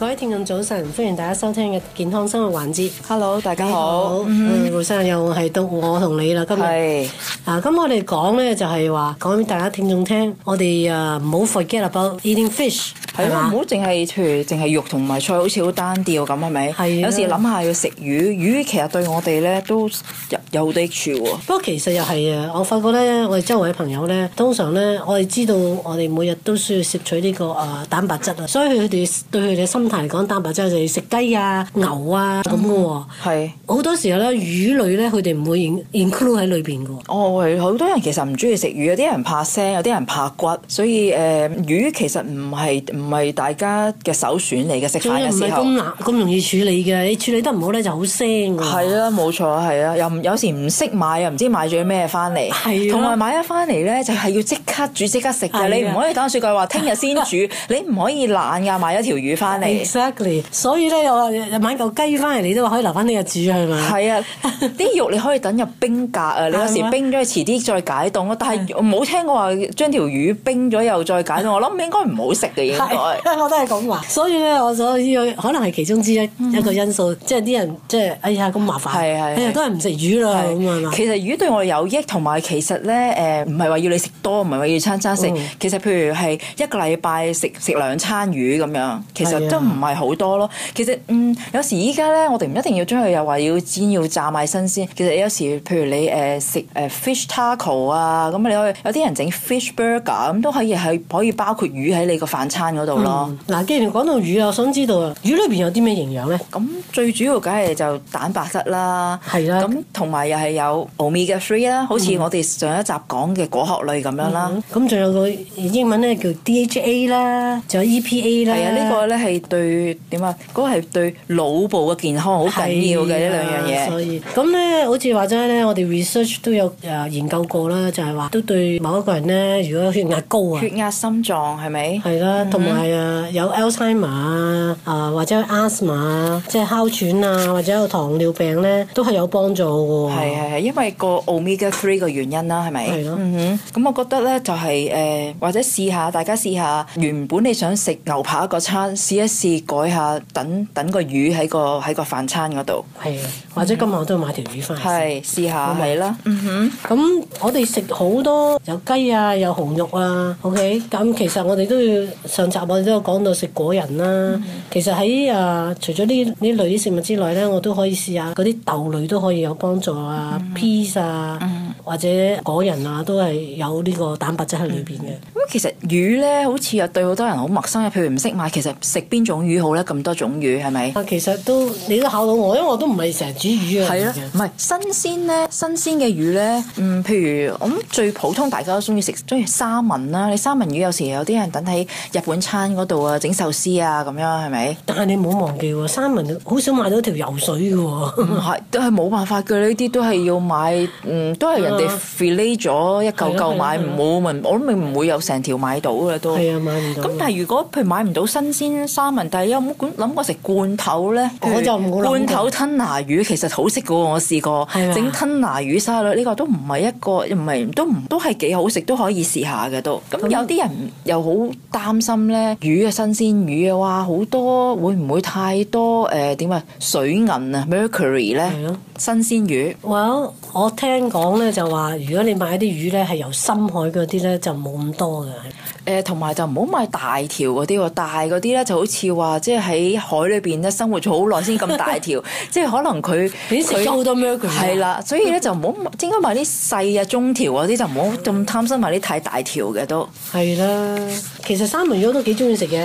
各位聽眾早晨，歡迎大家收聽嘅健康生活環節。Hello，大家好。Hello，嗯，胡生，mm-hmm。又係到我同你啦。今日啊，咁、嗯、我哋講咧就係話講俾大家聽眾聽，我哋啊唔好 forget about eating fish，係嘛？唔好淨係譬如淨係肉同埋菜，好似好單調咁，係咪？係、啊。有時諗下要食魚，魚其實對我哋咧都。有好處喎，不過其實又係啊。我發覺咧，我哋周圍嘅朋友咧，通常咧，我哋知道我哋每日都需要攝取呢、這個啊、呃、蛋白質啊，所以佢哋對佢哋嘅心態嚟講，蛋白質就係食雞啊、牛啊咁嘅喎，好、嗯哦、多時候咧，魚類咧，佢哋唔會 include 喺裏邊嘅。哦，係，好多人其實唔中意食魚，有啲人怕腥，有啲人怕骨，所以、呃、魚其實唔係唔係大家嘅首選嚟嘅，食飯嘅時候。仲咁難、咁容易處理嘅？你處理得唔好咧，就好腥㗎。係啊，冇錯，係啊，又唔有。有時唔識買,不買啊，唔知買咗咩翻嚟，同埋買咗翻嚟咧就係、是、要即刻煮即刻食嘅、啊，你唔可以等雪櫃話聽日先煮， 你唔可以懶噶、exactly.。買一條魚翻嚟，exactly，所以咧我買嚿雞翻嚟、嗯，你都話可以留翻聽日煮係嘛？係啊，啲肉你可以等入冰格啊， 你有時冰咗，遲啲再解凍。但係冇聽過話將條魚冰咗又再解凍， 我諗應該唔好食嘅 應該。我都係咁話，所以咧我所知，可能係其中之一一個因素，即係啲人即係、就是、哎呀咁麻煩，哎呀都係唔食魚咯。其實魚對我哋有益，同埋其實咧誒，唔係話要你食多，唔係話要餐餐食、嗯。其實譬如係一個禮拜食食兩餐魚咁樣，其實都唔係好多咯。其實嗯，嗯，有時依家咧，我哋唔一定要將佢又話要煎要炸買新鮮。其實有時譬如你誒、呃、食誒、呃、fish taco 啊，咁你可以有啲人整 fish burger，咁都可以係可以包括魚喺你個飯餐嗰度咯。嗱、嗯，既然講到魚啊，我想知道啊，魚裏邊有啲咩營養咧？咁最主要梗係就蛋白質啦，係啦、啊，咁同埋。又係有 omega three 啦，好似我哋上一集講嘅果殼類咁樣啦。咁、嗯、仲有個英文咧叫 DHA 啦，仲有 EPA 啦。係、這個那個、啊，呢個咧係對點啊？嗰個係對腦部嘅健康好重要嘅呢兩樣嘢。所以咁咧好似話齋咧，我哋 research 都有研究過啦，就係、是、話都對某一個人咧，如果血壓高啊，血壓、心臟係咪？係啦，同埋誒有 Alzheimer 啊、呃，或者 asthma，即係哮喘啊，或者有糖尿病咧，都係有幫助喎。係係係，因為個 omega three 嘅原因啦，係咪？係咯、啊。咁、嗯、我覺得咧，就係、是、誒、呃，或者試下大家試下，原本你想食牛扒個餐，試一試改下，等等個魚喺個喺個飯餐嗰度。係、啊嗯、或者今日我都要買條魚翻嚟。係，試下。咪啦。咁、嗯、我哋食好多有雞啊，有紅肉啊，OK。咁其實我哋都要上集我哋都有講到食果仁啦、啊嗯。其實喺啊，除咗呢呢類食物之外咧，我都可以試下嗰啲豆類都可以有幫助。啊，披薩。或者果仁啊，都係有呢個蛋白質喺裏邊嘅。咁、嗯嗯、其實魚咧，好似又對好多人好陌生嘅，譬如唔識買。其實食邊種魚好咧？咁多種魚係咪？啊，其實都你都考到我，因為我都唔係成日煮魚係啊。係啊，唔係新鮮咧，新鮮嘅魚咧，嗯，譬如我諗、嗯、最普通大家都中意食，中意三文啦、啊。你三文魚有時有啲人等喺日本餐嗰度啊，整壽司啊咁樣係咪？但係你唔好忘記喎，三文好少買到條游水㗎喎、哦。係、嗯，都係冇辦法㗎呢啲，都係要買，嗯，都係人、嗯。你 fillet 咗一嚿嚿買，唔好問我諗唔會有成條買到嘅都。係啊，買唔到。咁但係如果譬如買唔到新鮮三文，但係有冇諗過食罐頭咧？我就冇諗過。罐頭吞拿魚其實好食嘅喎，我試過整吞拿魚沙律，呢個都唔係一個，唔係都唔都係幾好食，都可以試下嘅都。咁有啲人又好擔心咧，魚嘅新鮮魚嘅話，好多會唔會太多誒點啊水銀啊 Mercury 咧？新鮮魚，我、well, 我聽講咧就話，如果你買啲魚咧係由深海嗰啲咧，呃、就冇咁多嘅。誒，同埋就唔好買大條嗰啲喎，大嗰啲咧就好似話，即係喺海裏邊咧生活咗好耐先咁大條， 即係可能佢你食咗好多咩嘅。係啦，所以咧就唔好應該買啲細啊中條嗰啲，就唔好咁貪心買啲太大條嘅都係啦。其實三文魚都幾中意食嘅，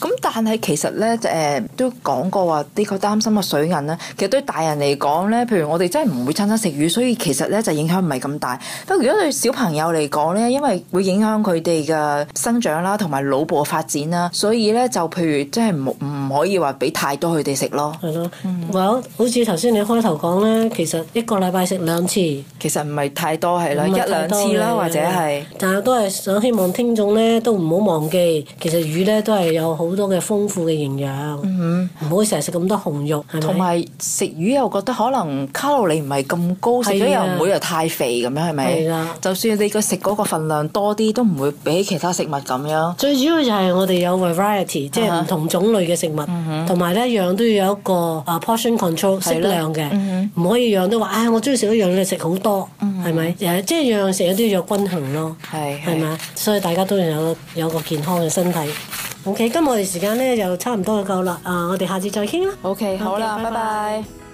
咁、嗯、但係其實咧，誒、呃、都講過話，的確擔心個水銀啦。其實對大人嚟講咧，譬如我哋真係唔會餐餐食魚，所以其實咧就影響唔係咁大。不過如果對小朋友嚟講咧，因為會影響佢哋嘅生長啦，同埋腦部嘅發展啦，所以咧就譬如真係冇唔。可以話俾太多佢哋食咯，係咯，well, mm -hmm. 好似頭先你開頭講呢，其實一個禮拜食兩次，其實唔係太多係啦，一兩次啦，或者係，但係都係想希望聽眾呢都唔好忘記，其實魚呢都係有好多嘅豐富嘅營養，唔好成日食咁多紅肉，同埋食魚又覺得可能卡路里唔係咁高，食咗又唔會又太肥咁樣，係咪？係㗎，就算你個食嗰個份量多啲，都唔會比其他食物咁樣。最主要就係我哋有 variety，即係唔同種類嘅食物。Uh -huh. 同埋咧，樣都要有一個啊 portion control，適量嘅，唔、嗯、可以樣都話，唉、哎，我中意食一樣，你食好多，係、嗯、咪？即係樣樣食都要有均衡咯，係係嘛？所以大家都要有有個健康嘅身體。OK，今日我哋時間咧就差唔多夠啦，啊、呃，我哋下次再傾啦。Okay, OK，好啦，拜拜。Bye bye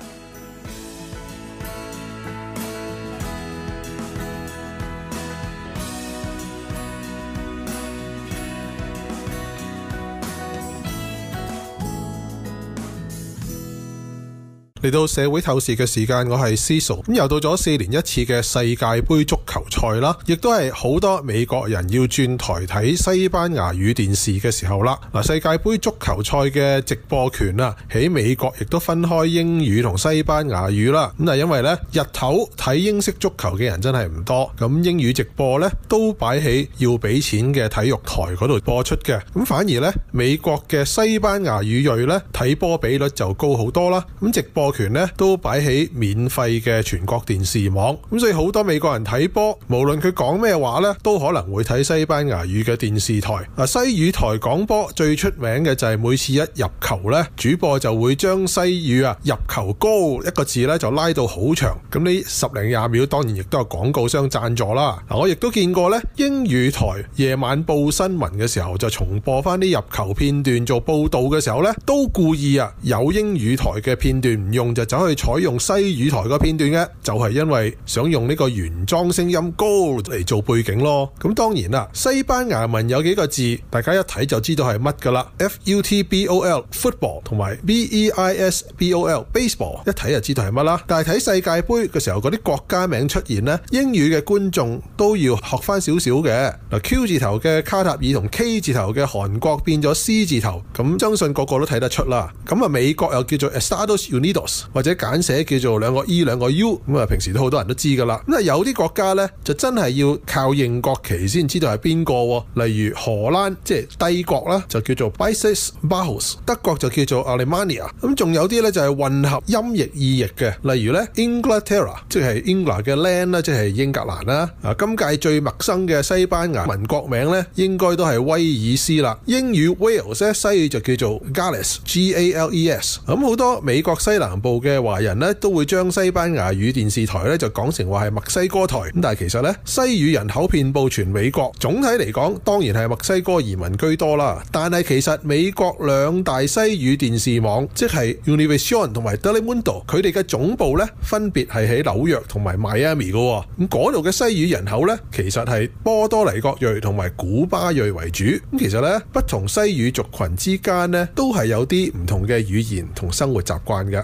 嚟到社會透視嘅時間，我係 Cecil。噉又到咗四年一次的世界盃足球台啦，亦都係好多美國人要轉台睇西班牙語電視嘅時候啦。嗱，世界杯足球賽嘅直播權啊，喺美國亦都分開英語同西班牙語啦。咁啊，因為咧日頭睇英式足球嘅人真係唔多，咁英語直播咧都擺喺要俾錢嘅體育台嗰度播出嘅。咁反而咧美國嘅西班牙語裔咧睇波比率就高好多啦。咁直播權咧都擺喺免費嘅全國電視網，咁所以好多美國人睇波。無論佢講咩話呢，都可能會睇西班牙語嘅電視台。嗱，西語台廣播最出名嘅就係每次一入球呢，主播就會將西語啊入球高一個字呢，就拉到好長。咁呢十零廿秒，當然亦都有廣告商贊助啦。嗱，我亦都見過呢，英語台夜晚報新聞嘅時候就重播翻啲入球片段，做報導嘅時候呢，都故意啊有英語台嘅片段唔用，就走去採用西語台個片段嘅，就係因為想用呢個原裝聲音。Gold 嚟做背景咯，咁當然啦、啊。西班牙文有幾個字，大家一睇就知道係乜噶啦。F U T B O L、football 同埋 B E I S B O L、baseball，一睇就知道係乜啦。但係睇世界盃嘅時候，嗰啲國家名出現呢，英語嘅觀眾都要學翻少少嘅嗱。Q 字頭嘅卡塔爾同 K 字頭嘅韓國變咗 C 字頭，咁相信個個都睇得出啦。咁啊，美國又叫做 Estados Unidos 或者簡寫叫做兩個 E 兩個 U，咁啊，平時都好多人都知噶啦。咁啊，有啲國家呢。就。真係要靠認國旗先知道係邊個，例如荷蘭即係帝國啦，就叫做 Países Bajos，德國就叫做 Alemania。咁仲有啲呢，就係混合音譯意譯嘅，例如呢 Inglaterra，即係英格嘅 land 即係英格蘭啦。啊，今屆最陌生嘅西班牙文國名呢，應該都係威爾斯啦。英語 Wales 西語就叫做 Gales（G-A-L-E-S） -E。咁、啊、好多美國西南部嘅華人呢，都會將西班牙語電視台呢，就講成話係墨西哥台。咁但係其實。西語人口遍布全美國，總體嚟講當然係墨西哥移民居多啦。但係其實美國兩大西語電視網，即係 Univision 同埋 Telemundo，佢哋嘅總部咧分別係喺紐約同埋 Miami 嘅。咁嗰度嘅西語人口咧，其實係波多黎各裔同埋古巴裔為主。咁其實咧，不同西語族群之間咧，都係有啲唔同嘅語言同生活習慣嘅。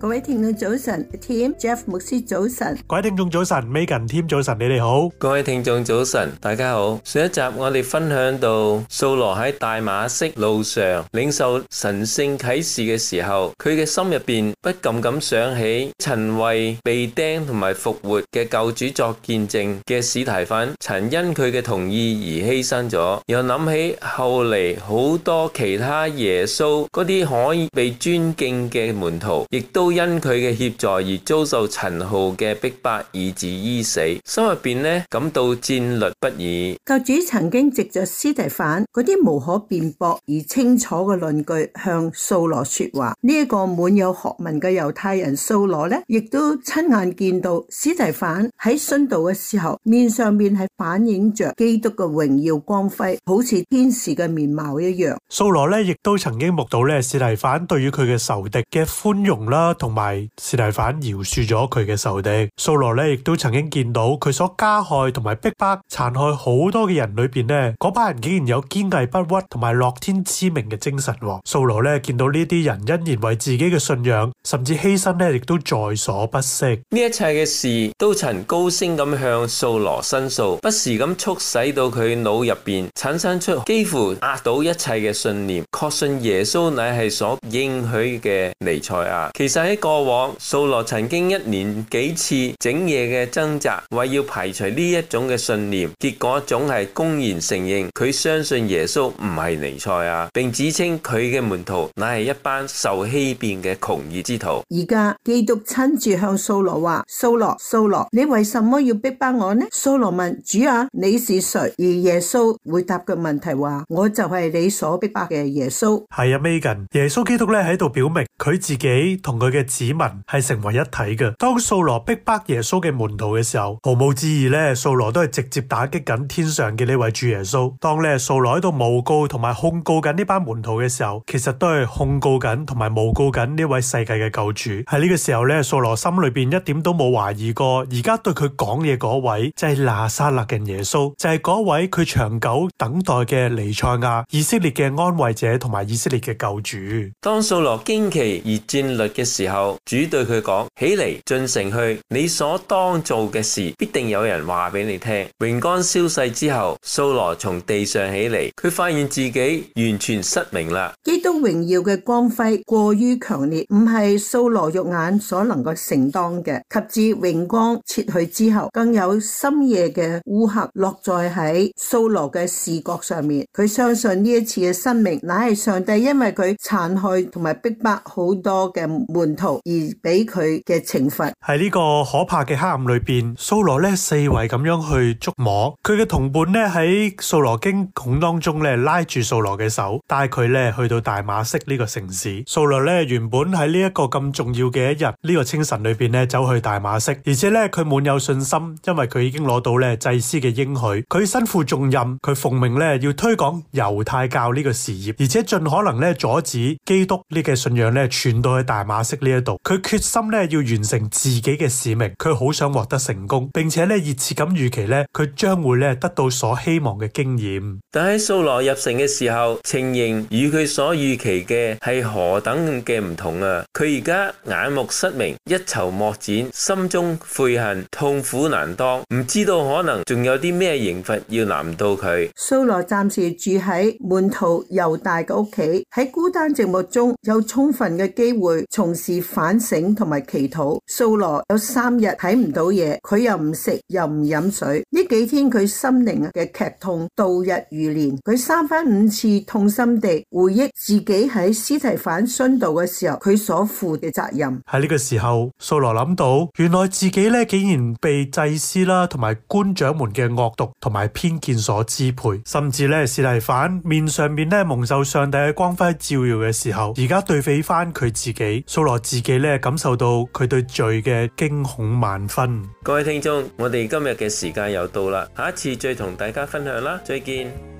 各位聽眾早晨，Tim、Jeff 牧師早晨，各位聽眾早晨，Megan 添早晨，你哋好，各位聽眾早晨，大家好。上一集我哋分享到，掃羅喺大馬色路上領受神聖啟示嘅時候，佢嘅心入邊不禁咁想起，曾為被釘同埋復活嘅救主作見證嘅司提反，曾因佢嘅同意而犧牲咗。又諗起後嚟好多其他耶穌嗰啲可以被尊敬嘅門徒，亦都。因佢嘅協助而遭受陳浩嘅逼迫，以致於死。心入邊呢感到戰慄不已。教主曾經藉着斯提反嗰啲無可辯駁而清楚嘅論據向掃羅說話。呢、這、一個滿有學問嘅猶太人掃羅呢，亦都親眼見到斯提反喺殉道嘅時候面上面係反映着基督嘅榮耀光輝，好似天使嘅面貌一樣。掃羅呢亦都曾經目睹呢斯提反對於佢嘅仇敵嘅寬容啦。同埋，司提反饒恕咗佢嘅仇敵。掃羅呢亦都曾經見到佢所加害同埋逼迫、殘害好多嘅人裏邊呢，嗰班人竟然有堅毅不屈同埋樂天知命嘅精神。掃羅呢見到呢啲人欣然為自己嘅信仰，甚至犧牲呢亦都在所不惜。呢一切嘅事都曾高聲咁向掃羅申訴，不時咁促使到佢腦入邊產生出幾乎壓倒一切嘅信念，確信耶穌乃係所應許嘅彌賽亞。其實。喺過往，掃羅曾經一年幾次整夜嘅掙扎，為要排除呢一種嘅信念，結果總係公然承認佢相信耶穌唔係尼賽亞，並指稱佢嘅門徒乃係一班受欺騙嘅窮異之徒。而家基督親自向掃羅話：掃羅，掃羅，你為什麼要逼迫我呢？掃羅問主啊，你是誰？而耶穌回答嘅問題話：我就係你所逼迫嘅耶穌。係啊，Megan，耶穌基督咧喺度表明佢自己同佢嘅。指紋係成為一體嘅。當掃羅逼迫耶穌嘅門徒嘅時候，毫無置疑咧，掃羅都係直接打擊緊天上嘅呢位主耶穌。當咧掃羅喺度誣告同埋控告緊呢班門徒嘅時候，其實都係控告緊同埋誣告緊呢位世界嘅救主。喺呢個時候咧，掃羅心裏邊一點都冇懷疑過，而家對佢講嘢嗰位就係拿撒勒嘅耶穌，就係嗰位佢長久等待嘅尼賽亞、以色列嘅安慰者同埋以色列嘅救主。當掃羅驚奇而戰慄嘅時，時候主對佢講：起嚟進城去，你所當做嘅事必定有人話俾你聽。榮光消逝之後，蘇羅從地上起嚟，佢發現自己完全失明啦。基督榮耀嘅光輝過於強烈，唔係蘇羅肉眼所能夠承當嘅。及至榮光撤去之後，更有深夜嘅烏黑落在喺蘇羅嘅視覺上面。佢相信呢一次嘅失明乃係上帝，因為佢殘害同埋逼迫好多嘅門。而俾佢嘅懲罰喺呢個可怕嘅黑暗裏邊，掃羅咧四圍咁樣去捉摸佢嘅同伴咧，喺掃羅驚恐當中咧拉住掃羅嘅手，帶佢咧去到大馬色呢個城市。掃羅咧原本喺呢一個咁重要嘅一日呢個清晨裏邊咧走去大馬色，而且咧佢滿有信心，因為佢已經攞到咧祭司嘅應許，佢身負重任，佢奉命咧要推廣猶太教呢個事業，而且盡可能咧阻止基督呢個信仰咧傳到去大馬色。呢一度，佢決心咧要完成自己嘅使命，佢好想獲得成功，並且咧熱切咁預期咧，佢將會咧得到所希望嘅經驗。但喺蘇羅入城嘅時候，情形與佢所預期嘅係何等嘅唔同啊！佢而家眼目失明，一籌莫展，心中悔恨，痛苦難當，唔知道可能仲有啲咩刑罰要難到佢。蘇羅暫時住喺門徒猶大嘅屋企，喺孤單寂寞中，有充分嘅機會從事反省同埋祈禱，素羅有三日睇唔到嘢，佢又唔食又唔飲水。呢幾天佢心靈嘅劇痛度日如年，佢三番五次痛心地回憶自己喺司提反殉道嘅時候，佢所負嘅責任。喺呢個時候，素羅諗到，原來自己咧竟然被祭司啦同埋官長們嘅惡毒同埋偏見所支配，甚至咧司提反面上面咧蒙受上帝嘅光輝照耀嘅時候，而家對比翻佢自己，素羅。自己咧，感受到佢對罪嘅驚恐萬分。各位聽眾，我哋今日嘅時間又到啦，下一次再同大家分享啦，再見。